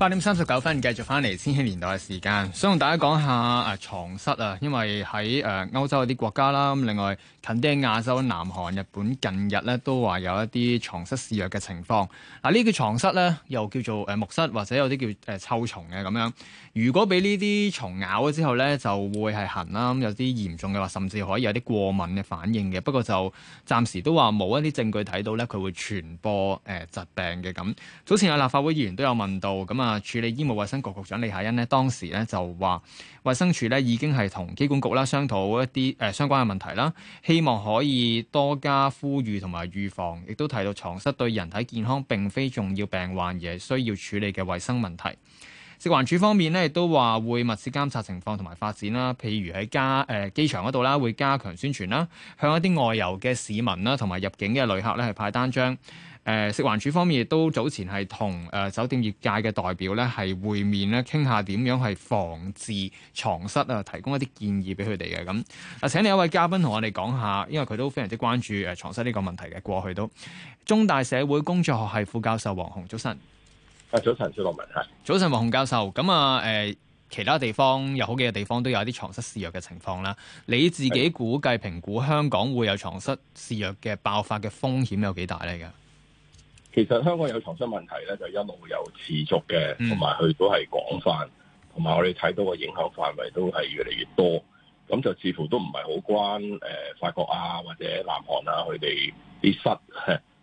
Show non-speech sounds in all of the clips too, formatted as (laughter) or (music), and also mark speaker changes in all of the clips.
Speaker 1: 八點三十九分，繼續翻嚟千禧年代嘅時間，想同大家講下誒、啊、床蝨啊，因為喺誒歐洲嗰啲國家啦，咁另外近啲係亞洲、南韓、日本，近日咧都話有一啲床蝨肆虐嘅情況。嗱、啊，呢個床蝨咧，又叫做誒、呃、木蝨，或者有啲叫誒、呃、臭蟲嘅，咁樣。如果俾呢啲蟲咬咗之後咧，就會係痕啦，咁、嗯、有啲嚴重嘅話，甚至可以有啲過敏嘅反應嘅。不過就暫時都話冇一啲證據睇到咧，佢會傳播誒、呃呃、疾病嘅咁。早前有立法會議，議員都有問到，咁、嗯、啊。嗯啊！處理醫務衛生局局長李夏欣咧，當時咧就話，衛生署咧已經係同機管局啦商討一啲誒、呃、相關嘅問題啦，希望可以多加呼籲同埋預防，亦都提到床蝨對人體健康並非重要病患，而需要處理嘅衞生問題。食環署方面咧，亦都話會密切監察情況同埋發展啦，譬如喺加誒機場嗰度啦，會加強宣傳啦，向一啲外遊嘅市民啦同埋入境嘅旅客咧，係派單張。誒，食環署方面亦都早前係同誒酒店業界嘅代表咧係會面咧，傾下點樣係防治床蝨啊，提供一啲建議俾佢哋嘅咁。嗱，請你一位嘉賓同我哋講下，因為佢都非常之關注誒床蝨呢個問題嘅。過去都中大社會工作學系副教授黃洪，早晨。
Speaker 2: 啊，早晨朱樂文。係，
Speaker 1: 早晨黃洪教授。咁啊，誒、呃、其他地方有好幾個地方都有一啲床蝨肆虐嘅情況啦。你自己估計評的估香港會有床蝨肆虐嘅爆發嘅風險有幾大咧？噶？
Speaker 2: 其實香港有床蝨問題咧，就一路有
Speaker 1: 持續嘅，同
Speaker 2: 埋佢都係廣泛，同埋我哋睇到個影響範圍都係越嚟越多。咁就似乎都唔係好關誒、呃、法國啊或者南韓啊佢哋啲蝨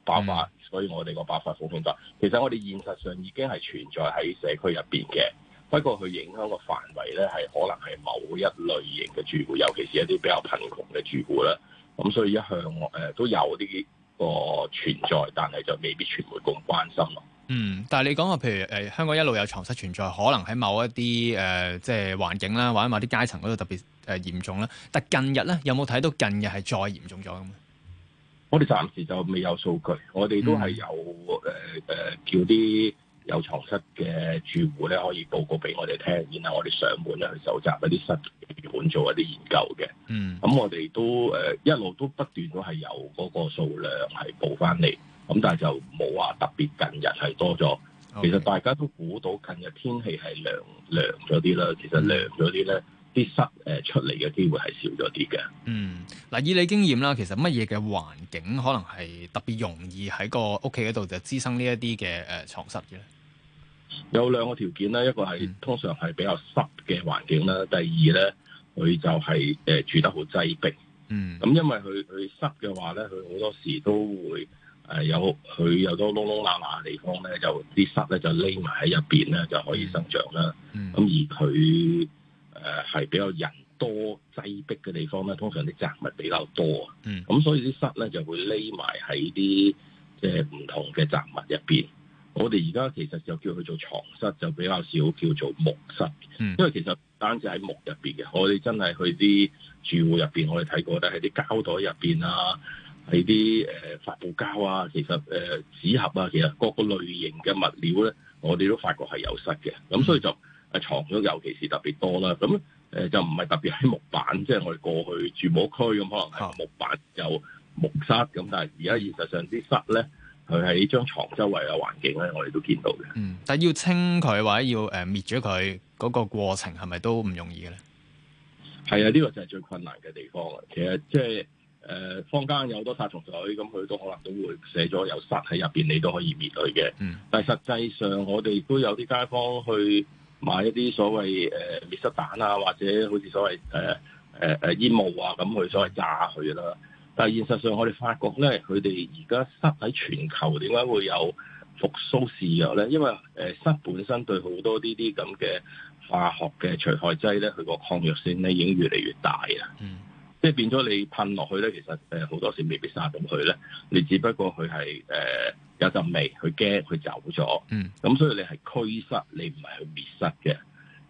Speaker 2: 爆發，所以我哋個爆發風險就其實我哋現實上已經係存在喺社區入邊嘅。不過佢影響個範圍咧，係可能係某一類型嘅住戶，尤其是一啲比較貧窮嘅住戶啦。咁所以一向誒、呃、都有啲。個存在，但係就未必傳媒咁關心咯。嗯，
Speaker 1: 但係你講下，譬如誒、呃，香港一路有床蝨存在，可能喺某一啲誒、呃，即係環境啦，或者某啲階層嗰度特別誒嚴重啦。但近日咧，有冇睇到近日係再嚴重咗咁啊？我哋暫時就未有數據，我哋都係有誒誒、嗯呃，叫啲。有床蝨嘅
Speaker 2: 住戶咧，可以報告俾我哋聽，然後我哋上門咧去搜集一啲樣本，做一啲研究嘅。嗯，咁、嗯、我哋都誒、呃、一路都不斷都係有嗰個數量係報翻嚟，咁但係就冇話特別近日係多咗。Okay, 其實大家都估到近
Speaker 1: 日天氣係涼
Speaker 2: 涼咗啲啦，其實涼咗
Speaker 1: 啲咧，啲、嗯、蝨誒出嚟嘅機會係少咗啲嘅。嗯，嗱，以你經驗啦，其實乜嘢嘅環境可能係特別容易喺個屋企嗰度就滋生呢一啲嘅誒床蝨嘅？有兩個條件咧，一個係、嗯、通常係比較濕嘅環境咧，第二咧佢就係、
Speaker 2: 是、誒、呃、住得好擠逼。嗯，咁、嗯、因為佢佢濕嘅話咧，佢好多時都會誒、呃、有佢有啲窿窿罅罅嘅地方咧，就啲濕咧就匿埋喺入邊咧就可以生長啦，咁、嗯嗯、而佢誒係比較人多擠逼嘅地方咧，通常啲雜物比較多，嗯，咁、嗯、所以啲濕咧就會匿埋喺啲即係唔同嘅雜物入邊。我哋而家其實就叫佢做床蝨，就比較少叫做木蝨，因為其實單止喺木入邊嘅。我哋真係去啲住戶入邊，我哋睇過咧喺啲膠袋入邊啊，喺啲誒發泡膠啊，其實誒紙、呃、盒啊，其實各個類型嘅物料咧，我哋都發覺係有蝨嘅。咁所以就係床蝨， (laughs) 尤其是特別多啦。咁誒就唔係特別喺木板，即係我哋過去住冇區咁可能係木板有木蝨咁，但係而家現實上啲
Speaker 1: 蝨咧。佢喺張床周圍嘅環境咧，我哋都見到嘅。嗯，但係要清佢或者要誒、呃、滅咗佢嗰個過程，係咪都唔容易嘅咧？係啊，呢、這個就係
Speaker 2: 最困難嘅地方。其實即係誒，坊間有好多殺蟲水，咁佢都可能都會寫咗有殺喺入邊，你都可以滅佢嘅。嗯，但係實際上我哋都有啲街坊去買一啲所謂誒、呃、滅蝨彈啊，或者好似所謂誒誒誒煙霧啊，咁佢所謂炸佢啦。但係現實上，我哋發覺咧，佢哋而家虱喺全球點解會有復甦試藥咧？因為誒，虱本身對好多呢啲咁嘅化學嘅除害劑咧，佢個抗藥性咧已經越嚟越大啦！嗯，即係變咗你噴落去咧，其實誒好多時未必殺到佢咧。你只不過佢係誒有陣味，佢驚佢走咗。嗯，咁所以你係驅虱，你唔係去滅虱嘅。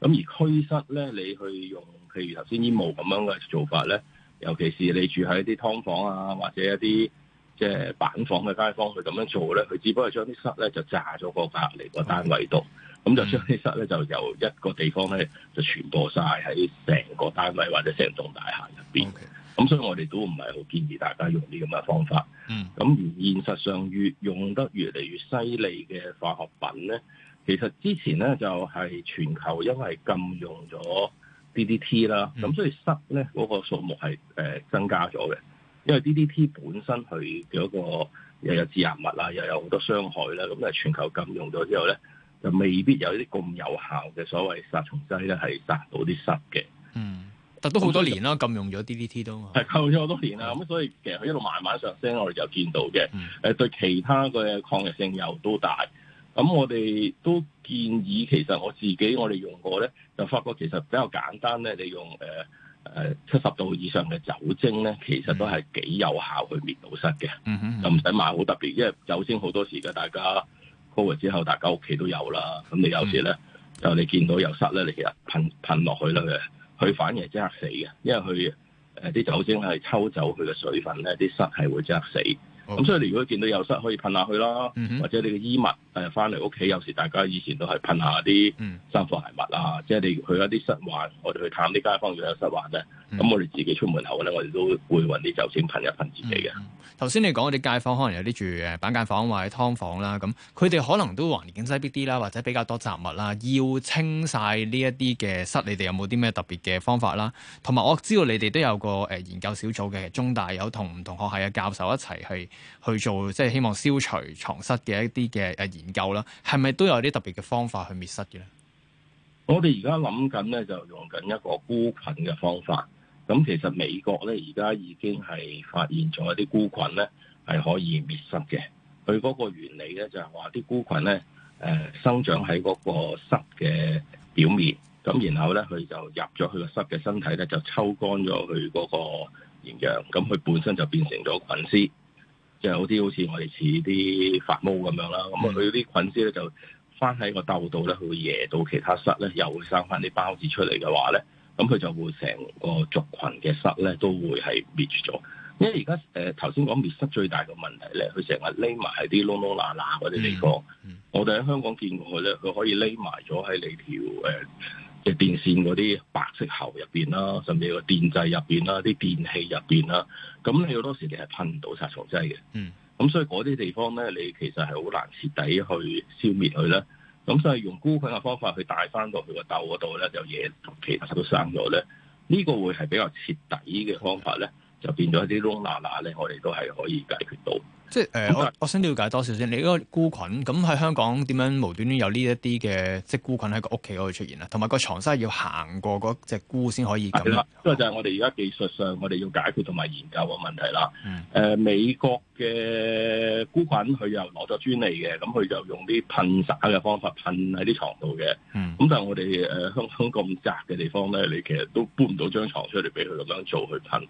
Speaker 2: 咁而驅虱咧，你去用譬如頭先煙霧咁樣嘅做法咧。尤其是你住喺一啲劏房啊，或者一啲即係板房嘅街坊，佢咁樣做咧，佢只不過將啲蝨咧就炸咗個隔離個單位度。咁 Okay. 就將啲蝨咧就由一個地方咧就傳播晒喺成個單位或者成棟大廈入邊。咁 Okay. 所以我哋都唔係好建議大家用啲咁嘅方法。嗯，咁而現實上越用得越嚟越犀利嘅化學品咧，其實之前咧就係全球因為禁用咗。DDT 啦，咁所以蝨咧嗰個數目係誒增加咗嘅，因為 DDT 本身佢有一個又有致癌物啊，又有好多傷害啦，咁啊全球禁用咗之後咧，就未必有啲咁有效嘅所謂殺蟲劑咧，係殺到啲蝨嘅。嗯，但都好多年啦，禁用咗 DDT 都係禁咗好多年啦，咁、嗯、所以其實佢一路慢慢上升，我哋就見到嘅，誒、嗯、對其他嘅抗藥性又都大。咁、嗯、我哋都建議，其實我自己我哋用過咧，就發覺其實比較簡單咧。你用誒誒七十度以上嘅酒精咧，其實都係幾有效去滅到蝨嘅。嗯嗯嗯、就唔使買好特別，因為酒精好多時嘅大家 COVID 之後，大家屋企都有啦。咁你有時咧，嗯、就你見到有蝨咧，你其實噴噴落去咧，佢佢反而係即刻死嘅，因為佢誒啲酒精係抽走佢嘅水分咧，啲蝨係會即刻死。咁所以你如果見到有蝨可以噴下去啦，嗯、或者你嘅衣物誒翻嚟屋企，有時大家以前都係噴一下啲衫褲鞋襪啊，嗯、即係你去一啲蝨患，我哋去探啲街坊，如果有蝨患咧，咁、嗯、我哋自己出門口咧，我哋都會揾啲酒精噴一噴自己嘅。
Speaker 1: 頭先、嗯嗯嗯、你講啲街坊可能有啲住嘅板間房或者劏房啦，咁佢哋可能都環境擠迫啲啦，或者比較多雜物啦，要清晒呢一啲嘅蝨，你哋有冇啲咩特別嘅方法啦？同埋我知道你哋都有個誒研究小組嘅，中大有同唔同學系嘅教授一齊去。去做即係希望消除床蝨嘅一啲嘅，誒研究啦，係咪都有啲特別嘅方法去滅蝨嘅咧？我哋而家諗緊咧，就用緊一個菇菌嘅方法。咁
Speaker 2: 其實美國咧而家已經係發現咗一啲菇菌咧係可以滅蝨嘅。佢嗰個原理咧就係話啲菇菌咧，誒、呃、生長喺嗰個蝨嘅表面，咁然後咧佢就入咗佢個蝨嘅身體咧，就抽乾咗佢嗰個營養，咁佢本身就變成咗菌絲。就有啲好似我哋似啲發毛咁樣啦，咁佢啲菌絲咧就翻喺個竇度咧，佢會惹到其他蝨咧，又會生翻啲孢子出嚟嘅話咧，咁佢就會成個族群嘅蝨咧都會係滅住咗。因為而家誒頭先講滅蝨最大嘅問題咧，佢成日匿埋喺啲窿窿罅罅嗰啲地方。 (laughs) 我哋喺香港見過佢咧，佢可以匿埋咗喺你條誒，呃嘅電線嗰啲白色喉入邊啦，甚至個電掣入邊啦，啲電器入邊啦，咁你好多時你係噴唔到殺蟲劑嘅，嗯，咁所以嗰啲地方咧，你其實係好難徹底去消滅佢啦。咁所以用菇菌嘅方法去帶翻到佢個竇嗰度咧，有嘢同其他都生咗咧，呢個會係比較徹底嘅方法咧。就變咗一啲窿罅罅咧，我哋都係可以解決到。
Speaker 1: 即係誒、呃嗯，我我想了解多少先？你嗰個菇菌咁喺香港點樣無端端有呢一啲嘅即係菇菌喺個屋企可以出、就是、現啊？同埋個床蝨要行過嗰隻菇先可以咁。係啦，呢
Speaker 2: 個就係我哋而家技術上我哋要解決同埋研究嘅問題啦。
Speaker 1: 誒、嗯呃，美國
Speaker 2: 嘅菇菌佢又攞咗專利嘅，咁佢就用啲噴灑嘅方法噴喺啲床度嘅。咁但係我哋誒、呃、香港咁窄嘅地方咧，你其實都搬唔到張床出嚟俾佢咁樣做去噴。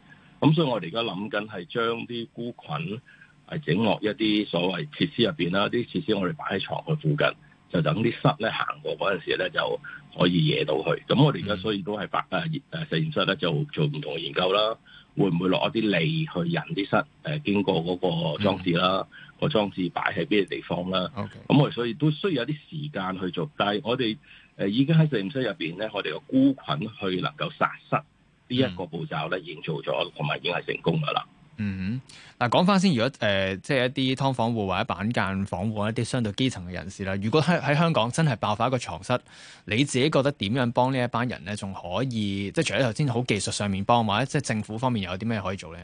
Speaker 2: 咁、嗯、所以我哋而家諗緊係將啲菇菌係整落一啲所謂設施入邊啦，啲設施我哋擺喺床嘅附近，就等啲蝨咧行過嗰陣時咧就可以惹到去。咁、嗯嗯嗯、我哋而家所以都係白誒誒實驗室咧就做唔同嘅研究啦，會唔會落一啲脷去引啲蝨誒、啊、經過嗰個裝置啦？個裝、嗯、置擺喺邊嘅地方啦。咁 Okay. 我哋所以都需要一啲時間去做。但係我哋誒已經喺實驗室入邊咧，我哋個菇菌去能夠殺蝨。呢一個步驟咧已經做咗，同埋、嗯、已經係成功噶啦。嗯，
Speaker 1: 嗱講翻先，如果誒、呃、即係一啲劏房戶或者板間房戶一啲相對基層嘅人士咧，如果喺香港真係爆發一個床蝨，你自己覺得點樣幫呢一班人咧，仲可以即係除咗頭先好技術上面幫或者即係政府方面有啲咩可以做咧？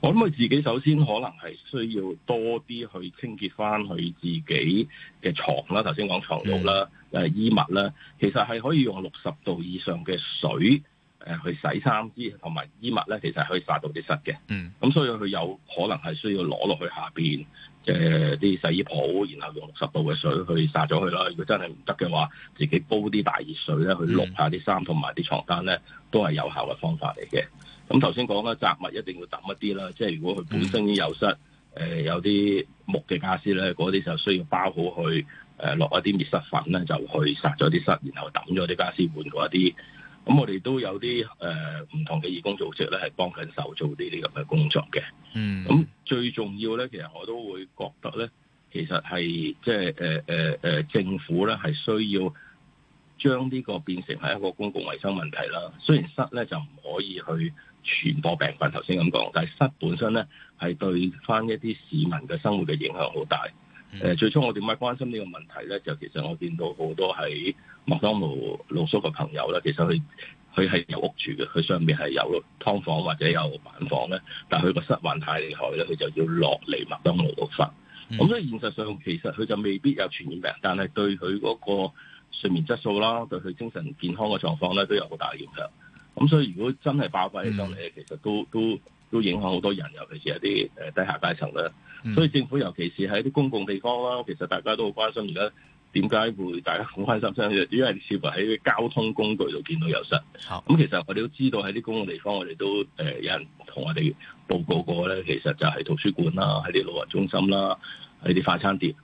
Speaker 1: 我
Speaker 2: 諗佢自己首先可能係需要多啲去清潔翻佢自己嘅床啦，頭先講床褥啦，誒、嗯啊、衣物啦，其實係可以用六十度以上嘅水。誒，去洗衫衣同埋衣物咧，其實係可以殺到啲蝨嘅。嗯，咁、啊、所以佢有可能係需要攞落去下邊，即、呃、啲洗衣鋪，然後用六十度嘅水去殺咗佢啦。如果真係唔得嘅話，自己煲啲大熱水咧，去燙下啲衫同埋啲床單咧，都係有效嘅方法嚟嘅。咁頭先講啦，雜物一定要揼一啲啦。即係如果佢本身啲有蝨，誒、呃、有啲木嘅傢俬咧，嗰啲就需要包好去，誒、呃、落一啲滅蝨粉咧，就去殺咗啲蝨，然後揼咗啲傢俬，換過一啲。咁我哋都有啲誒唔同嘅義工組織咧，係幫緊手做呢啲咁嘅工作嘅。嗯，咁最重要咧，其實我都會覺得咧，其實係即係誒誒誒政府咧，係需要將呢個變成係一個公共衞生問題啦。雖然蝨咧就唔可以去傳播病菌，頭先咁講，但係蝨本身咧係對返一啲市民嘅生活嘅影響好大。誒、嗯、最初我點解關心呢個問題咧？就其實我見到好多喺麥當勞露宿嘅朋友咧，其實佢佢係有屋住嘅，佢上面係有劏房或者有板房咧，但係佢個蝨患太厲害咧，佢就要落嚟麥當勞度瞓。咁、嗯、所以現實上其實佢就未必有傳染病，但係對佢嗰個睡眠質素啦，對佢精神健康嘅狀況咧都有好大影響。咁所以如果真係爆發起上嚟嘅時候都都～、嗯都都影響好多人，尤其是一啲誒低下階層咧。所以政府尤其是喺啲公共地方啦，其實大家都好關心，而家點解會大家好關心相？因為似乎喺交通工具度見到有蝨。咁好、嗯、其實我哋都知道喺啲公共地方，我哋都誒、呃、有人同我哋報告過咧。其實就係圖書館啦，喺啲老人中心啦，喺啲快餐店，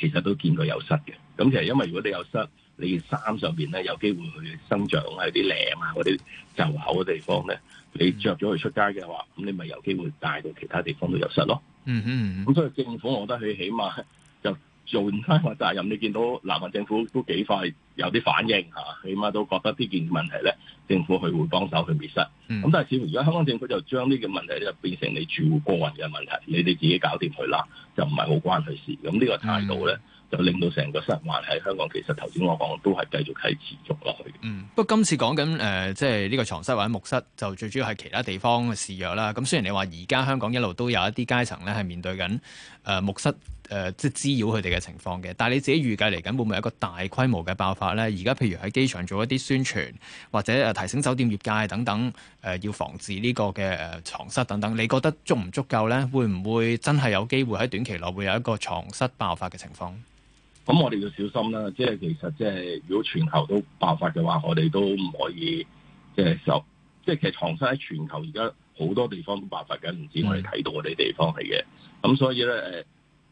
Speaker 2: 其實都見過有蝨嘅。咁、嗯、其實因為如果你有蝨，你件衫上邊咧有機會去生長喺啲領啊、嗰啲袖口嘅地方咧。你着咗佢出街嘅話，咁你咪有機會帶到其他地方都有蝨咯。嗯哼，嗯哼，咁所以政府，我覺得佢起碼就做唔翻個責任。你見到南韓政府都幾快有啲反應吓，起碼都覺得呢件問題咧，政府佢會幫手去滅蝨。咁、嗯、但係似乎而家香港政府就將呢件問題咧，變成你住戶個人嘅問題，你哋自己搞掂佢啦，就唔係好關佢事。咁呢個態度咧。嗯令到成個失業環喺香港，其實頭先我講都係繼續係持續落
Speaker 1: 去。嗯，不過今次講緊誒，即係呢個床蝨或者木蝨，就最主要係其他地方嘅事弱啦。咁、嗯、雖然你話而家香港一路都有一啲階層咧，係面對緊誒木蝨誒、呃、即係滋擾佢哋嘅情況嘅。但係你自己預計嚟緊會唔會有一個大規模嘅爆發呢？而家譬如喺機場做一啲宣傳，或者提醒酒店業界等等誒、呃，要防止呢個嘅床、呃、蝨等等，你覺得足唔足夠呢？會唔會真係有機會喺短期內會有一個床蝨爆發嘅情況？
Speaker 2: 咁我哋要小心啦，即係其實即係如果全球都爆發嘅話，我哋都唔可以即係受，即係其實床蝨喺全球而家好多地方都爆發緊，唔止我哋睇到我哋地方嚟嘅。咁所以咧，誒、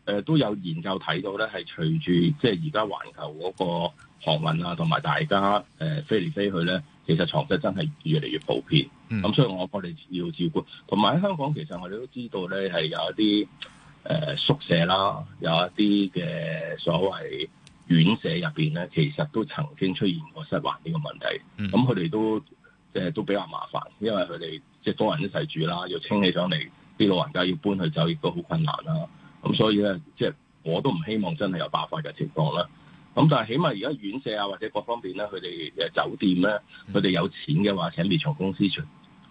Speaker 2: 呃、誒都有研究睇到咧，係隨住即係而家環球嗰個航運啊，同埋大家誒、呃、飛嚟飛去咧，其實床蝨真係越嚟越普遍。咁、嗯、所以我我哋要照顧，同埋喺香港，其實我哋都知道咧係有一啲。誒、呃、宿舍啦，有一啲嘅所謂院舍入邊咧，其實都曾經出現過蝨患呢個問題。咁佢哋都即係、呃、都比較麻煩，因為佢哋即係多人一齊住啦，要清起上嚟，啲老人家要搬去走亦都好困難啦。咁、嗯、所以咧，即係我都唔希望真係有爆發嘅情況啦。咁但係起碼而家院舍啊，或者各方面咧，佢哋誒酒店咧，佢哋、嗯、有錢嘅話，請滅蟲公司做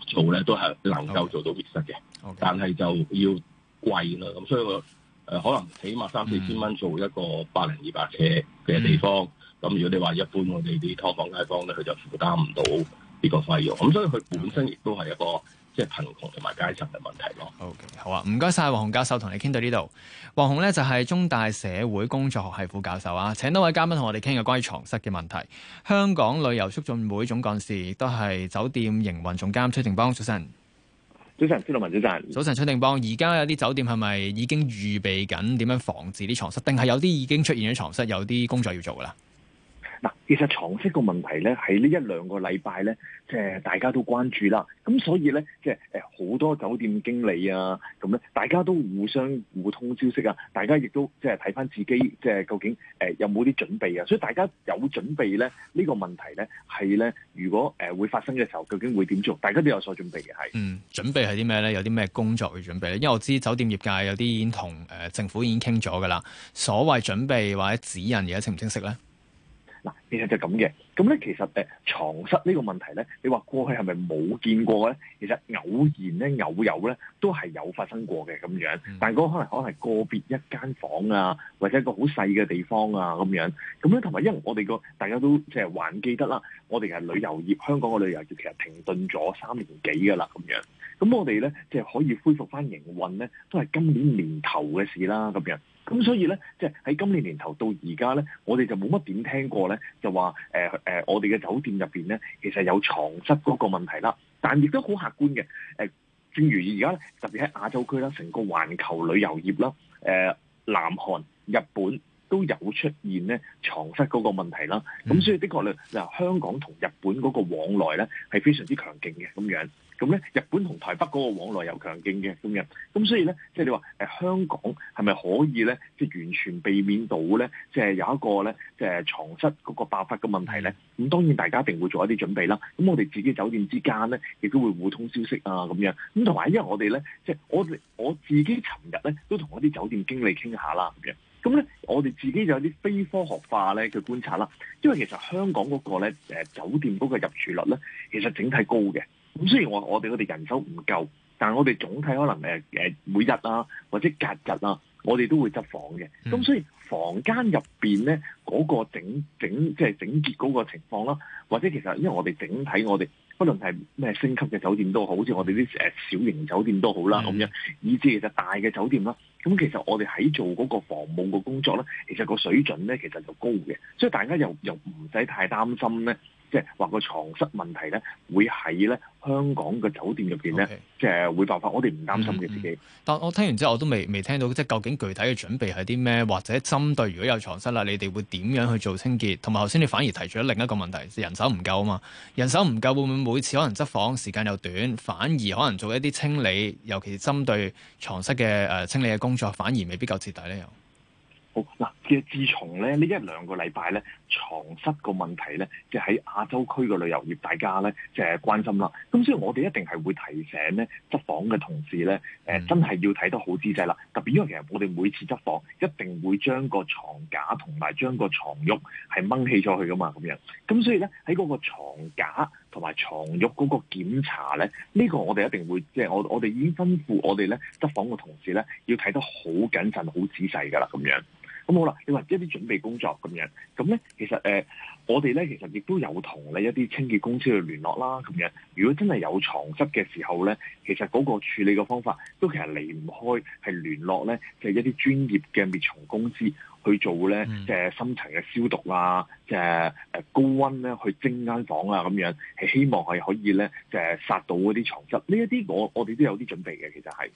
Speaker 2: 做咧，都係能夠做到滅蝨嘅。Okay. Okay. 但係就要。貴啦，咁所以我誒可能起碼三四千蚊做一個百零二百尺嘅地方，咁、嗯、如果你話一般我哋啲劏房街坊咧，佢就負擔唔到呢個費用，咁所以佢本身亦都係一個、嗯、okay, 即係貧窮同埋階層嘅問題咯。好，okay,
Speaker 1: 好啊，唔該晒。黃洪教授同你傾到呢度。黃洪呢就係中大社會工作學系副教授啊。請多位嘉賓同我哋傾嘅關於床蝨嘅問題。香港旅遊促進會總幹事亦都係酒店營運總監崔定邦，早晨。早晨，朱諾文小姐。早晨，崔定邦。而家有啲酒店係咪已經預備緊點樣防治啲床蝨？定係有啲已經出現咗床蝨，有啲工作要做㗎啦？嗱，
Speaker 3: 其實床蝨個問題咧，喺呢一兩個禮拜咧，即係大家都關注啦。咁所以咧，即係誒好多酒店經理啊，咁咧大家都互相互通消息啊。大家亦都即係睇返自己，即係究竟誒有冇啲準備啊？所以大家有準備咧，呢個問題咧係咧，如果誒會發生嘅時候，究竟會點做？大家都有所準備
Speaker 1: 嘅，係，嗯，準備係啲咩咧？有啲咩工作去準備咧？因為我知酒店業界有啲已經同誒政府已經傾咗㗎喇。所謂準備或者指引知知，而家清唔清晰咧？嗱，其
Speaker 3: 實就咁嘅，咁咧其實誒，床蝨呢個問題咧，你話過去係咪冇見過咧？其實偶然咧、偶有咧，都係有發生過嘅咁樣。但係嗰個可能可能係個別一間房啊，或者一個好細嘅地方啊咁樣。咁咧同埋，因為我哋個大家都即係還記得啦，我哋係旅遊業，香港嘅旅遊業其實停頓咗三年幾㗎啦咁樣。咁我哋咧，即係可以恢復翻營運咧，都係今年年頭嘅事啦。咁樣，咁所以咧，即係喺今年年頭到而家咧，我哋就冇乜點聽過咧，就話誒誒，我哋嘅酒店入邊咧，其實有床蝨嗰個問題啦。但亦都好客觀嘅。誒，正如而家特別喺亞洲區啦，成個環球旅遊業啦，誒，南韓、日本都有出現咧床蝨嗰個問題啦。咁所以，的確咧，嗱，香港同日本嗰個往來咧，係非常之強勁嘅咁樣。咁咧，日本同台北嗰個往來又強勁嘅咁樣，咁所以咧，即係你話誒香港係咪可以咧，即係完全避免到咧，即係有一個咧，即係床蝨嗰個爆發嘅問題咧？咁當然大家一定會做一啲準備啦。咁我哋自己酒店之間咧，亦都會互通消息啊，咁樣。咁同埋因為我哋咧，即係我哋我自己尋日咧，都同一啲酒店經理傾下啦咁嘅。咁咧，我哋自己就有啲非科學化咧嘅觀察啦。因為其實香港嗰個咧，誒酒店嗰個入住率咧，其實整體高嘅。咁雖然我我哋我哋人手唔夠，但係我哋總體可能誒誒每日啊或者隔日啊，我哋都會執房嘅。咁、嗯、所以房間入邊咧，嗰、那個整整即係整潔嗰個情況啦，或者其實因為我哋整體我哋不論係咩星級嘅酒店都好，好似我哋啲誒小型酒店都好啦，咁樣、嗯嗯、以至其實大嘅酒店啦。咁其實我哋喺做嗰個房務嘅工作咧，其實個水準咧其實又高嘅，所以大家又又唔使太擔心咧。即係話個床蝨問題咧，會喺咧香港嘅酒店入邊咧，Okay. 即係會爆發。我哋唔擔心嘅自己、嗯
Speaker 1: 嗯。但我聽完之後，我都未未聽到，即係究竟具體嘅準備係啲咩？或者針對如果有床蝨啦，你哋會點樣去做清潔？同埋頭先你反而提出另一個問題，就是、人手唔夠啊嘛？人手唔夠會唔會每次可能執房時間又短，反而可能做一啲清理，尤其是針對床蝨嘅誒、呃、清理嘅工作，反而未必夠徹底呢樣？好嗱，
Speaker 3: 即係自從咧呢一兩個禮拜咧床蝨個問題咧，即係喺亞洲區個旅遊業大家咧，即係關心啦。咁所以我哋一定係會提醒咧執房嘅同事咧，誒、呃、真係要睇得好仔細啦。特別因為其實我哋每次執房一定會將個床架同埋將個床褥係掹起咗去噶嘛，咁樣。咁所以咧喺嗰個牀架同埋床褥嗰個檢查咧，呢、這個我哋一定會即係我我哋已經吩咐我哋咧執房嘅同事咧，要睇得好謹慎、好仔細噶啦，咁樣。咁好啦，你話一啲準備工作咁樣，咁咧其實誒、呃，我哋咧其實亦都有同你一啲清潔公司去聯絡啦，咁樣如果真係有床蝨嘅時候咧，其實嗰個處理嘅方法都其實離唔開係聯絡咧，就係、是、一啲專業嘅滅蟲公司。去做咧，即係深層嘅消毒啊，即係誒高溫咧去蒸間房啊，咁樣係希望係可以咧，即係殺到嗰啲床蝨。呢一啲我我哋都有啲準備嘅，其實係。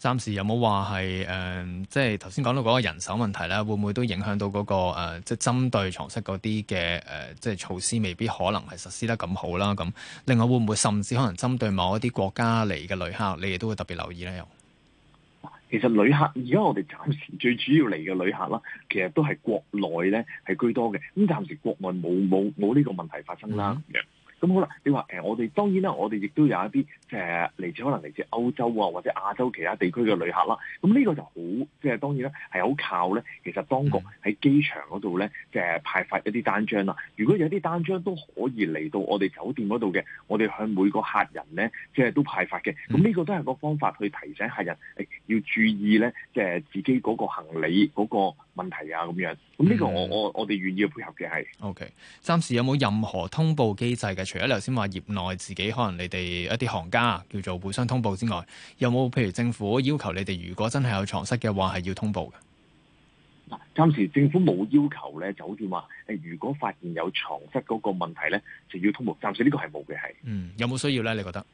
Speaker 1: 暫時有冇話係誒，即係頭先講到嗰個人手問題咧，會唔會都影響到嗰、那個誒、呃，即係針對床蝨嗰啲嘅誒，即係措施未必可能係實施得咁好啦。咁另外會唔會甚至可能針對某一啲國家嚟嘅旅客，你哋都會特別留意咧？
Speaker 3: 其實旅客而家我哋暫時最主要嚟嘅旅客啦，其實都係國內咧係居多嘅，咁暫時國外冇冇冇呢個問題發生啦。咁好啦，你話誒，我哋當然啦，我哋亦都有一啲誒嚟自可能嚟自歐洲啊，或者亞洲其他地區嘅旅客啦。咁呢個就好，即係當然啦，係好靠咧。其實當局喺機場嗰度咧，即係派發一啲單張啦。如果有啲單張都可以嚟到我哋酒店嗰度嘅，我哋向每個客人咧，即係都派發嘅。咁呢個都係個方法去提醒客人誒，要注意咧，即係自己嗰個行李嗰個問題啊，咁樣，咁呢個我、嗯、我我哋願意配合嘅係。Okay，
Speaker 1: 暫時有冇任何通報機制嘅？除咗頭先話業內自己可能你哋一啲行家叫做互相通報之外，有冇譬如政府要求你哋如果真係有床蝨嘅話係要通報嘅？
Speaker 3: 嗱，暫時政府冇要求咧，就好似話誒，如果發現有床蝨嗰個問題咧，就要通報。暫時呢個係冇嘅，係。嗯，有冇需要咧？你覺得？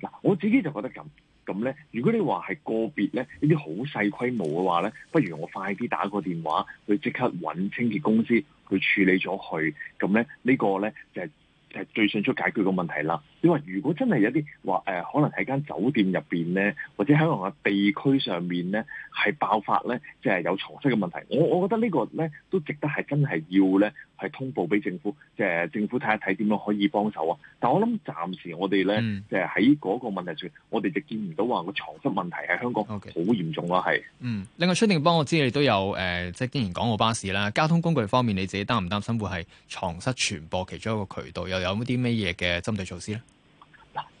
Speaker 3: 嗱，我自己就覺得咁。咁咧，如果你話係個別咧，呢啲好細規模嘅話咧，不如我快啲打個電話，去即刻搵清潔公司去處理咗佢。咁咧，這個、呢個咧就係就係最迅速解決個問題啦。你話如果真係有啲話誒，可能喺間酒店入邊咧，或者喺個地區上面咧，係爆發咧，即係有床蝨嘅問題，我我覺得呢個咧都值得係真係要咧係通報俾政府，即係政府睇一睇點樣可以幫手啊！但我諗暫時我哋咧，即係喺嗰個問題上，我哋就見唔到話個床蝨問題喺香港好嚴重咯，係 Okay. 是。
Speaker 1: 嗯，另外崔定邦，我知你都有誒、呃，即係經營港澳巴士啦，交通工具方面你自己擔唔擔心會係床蝨傳播其中一個渠道？又有啲咩嘢嘅針對措施咧？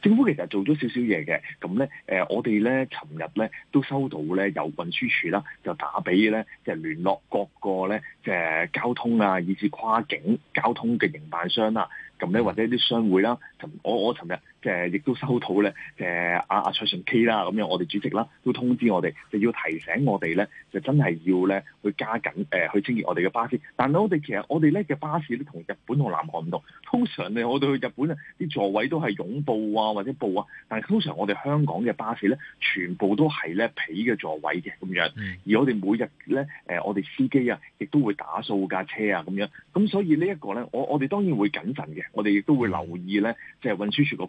Speaker 3: 政府其實做咗少少嘢嘅，咁咧，誒，我哋咧，尋日咧都收到咧，有運輸署啦，就打俾咧，就是、聯絡各個咧，誒、就是，交通啊，以至跨境交通嘅營辦商啦，咁咧，或者啲商會啦，我我尋日。誒，亦都收到咧。誒、啊，阿、啊、阿蔡順 K 啦，咁、啊、樣、啊、我哋主席啦、啊，都通知我哋，就要提醒我哋咧，就真係要咧去加緊誒、呃、去清潔我哋嘅巴士。但係我哋其實我哋咧嘅巴士都同日本同南韓唔同。通常咧，我哋去日本啊，啲座位都係絨布啊或者布啊。但係通常我哋香港嘅巴士咧，全部都係咧皮嘅座位嘅咁樣。而我哋每日咧誒，我哋司機啊，亦都會打掃架車啊咁樣，咁所以呢一個咧，我我哋當然會謹慎嘅，我哋亦都會留意咧，即係運輸署個。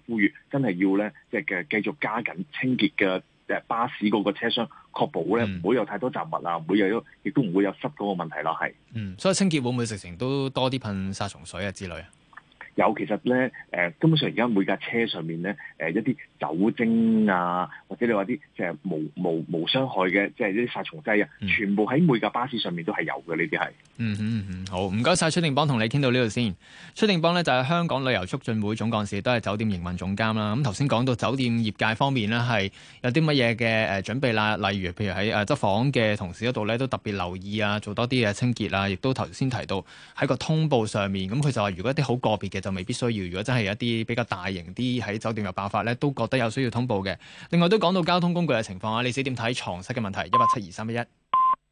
Speaker 3: 真係要咧，即係嘅繼續加緊清潔嘅誒巴士嗰個車廂，確保咧唔會有太多雜物啊，會又有亦都唔會有濕嗰個問題啦。係，嗯，
Speaker 1: 所以清潔會唔會食成都多啲噴殺蟲水啊之類啊？
Speaker 3: 有其實咧，誒根本上而家每架車上面咧，誒、呃、一啲酒精啊，或者你話啲即係無無無傷害嘅，即係啲殺蟲劑啊，全部喺每架巴士上面都係有嘅。呢啲係嗯
Speaker 1: 哼嗯嗯，好唔該晒。崔定邦同你傾到呢度先。崔定邦咧就係香港旅遊促進會總幹事，都係酒店營運總監啦。咁頭先講到酒店業界方面咧，係有啲乜嘢嘅誒準備啦？例如譬如喺誒執房嘅同事嗰度咧，都特別留意啊，做多啲嘅清潔啦。亦都頭先提到喺個通報上面，咁佢就話如果一啲好個別嘅就。未必需要，如果真係有一啲比較大型啲喺酒店入爆發呢，都覺得有需要通報嘅。另外都講到交通工具嘅情況啊，你係點睇床蝨嘅問題？一八七二三一一。